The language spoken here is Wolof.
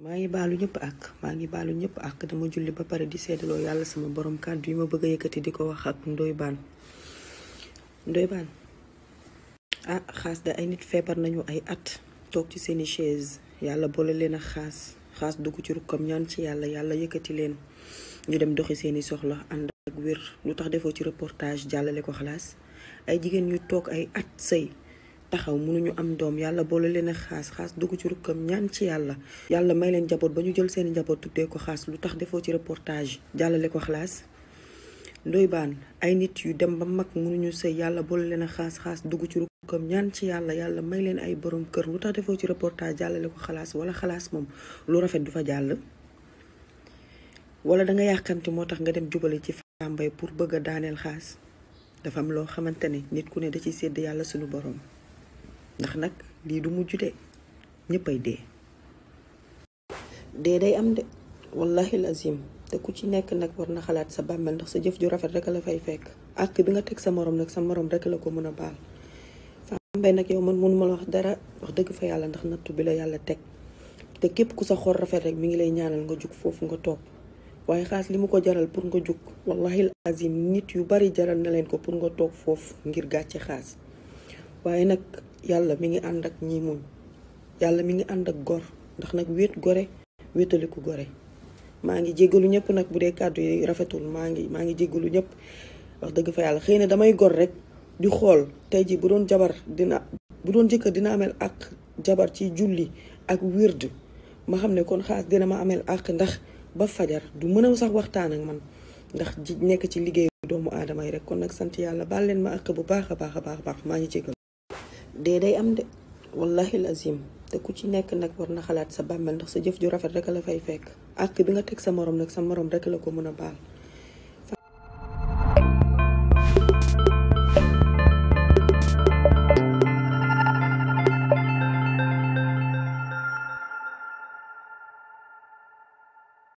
maa ngi baalu ñëpp ak maa ngi baalu ñëpp ak dama julli ba pare di seedaloo yàlla sama boroom kàddu yi ma bëgg a yëkkati di ko wax ak Ndoye Bane Ndoye Bane ah xaas da ay nit feebar nañu ay at toog ci seeni chaise yàlla boole leen ak xaas xaas dugg ci rukkam ñaan ci yàlla yàlla yëkkati leen ñu dem doxi seeni soxla ànd ak wér lu tax defoo ci reportage jàllale ko xalaas ay jigéen yu toog ay at sëy taxaw mënu ñu am doom yàlla boole leen a xaas xaas dugg ci rukkam ñaan ci yàlla yàlla may leen njaboot ba ñu jël seeni njaboot tuddee ko xaas lu tax defoo ci reportage jàllale ko xalaas ndoy ay nit yu dem ba mag mënuñu sëy yàlla boole leen a xaas xaas dugg ci rukkam ñaan yàlla yàlla leen ay borom kër lu tax defoo ci reportage jàllale ko xalaas wala xalaas moom lu rafet du fa jàll walla danga yàqamti moo tax nga dem jubale ci Fambaye pour bëgg a daaneel xaas dafa am loo xamante ne nit ku ne da ciy sédd yàlla sunu borom ndax nag lii du mujj de ñëppay dee dee day am de la lazim te ku ci nekk nag war na xalaat sa bàmmeel ndax sa jëf ju rafet rek la fay fekk ak bi nga teg sa moroom nag sa morom rek la ko mën a baal mbay nag yow man mënuma la wax dara wax dëgg fa yàlla ndax nattu bi la yàlla teg te képp ku sa xor rafet rek mi ngi lay ñaanal nga jug foofu nga toog waaye xaas li mu ko jaral pour nga jug wallahi lazim nit yu bari jaral na leen ko pour nga toog foofu ngir gàcce xaas waaye yàlla mi ngi ànd ak ñi muñ yàlla mi ngi ànd ak gor ndax nag wéet gore wéetaliku gore maa ngi jéggalu ñëpp nag bu dee kàddu yi rafetul maa ngi maa ngi jéggalu ñëpp wax dëgg fa yàlla xëy na damay gor rek di xool tey ji bu doon jabar dina bu doon jëkkër dina ameel ak jabar ci julli ak wird ma xam ne kon xaas dina ma ameel àq ndax ba fajar du mën a sax waxtaan ak man ndax ji nekk ci liggéey doomu aadama yi rek kon nag sant yàlla baal leen ma ak bu baax a baax a baax maa ngi jéggalu dee day am de wallahi lazim te ku ci nekk nag war na xalaat sa bàmmeel ndax sa jëf ju rafet rek la fay fekk ak bi nga teg sa morom nag sa morom rek la ko mën a baal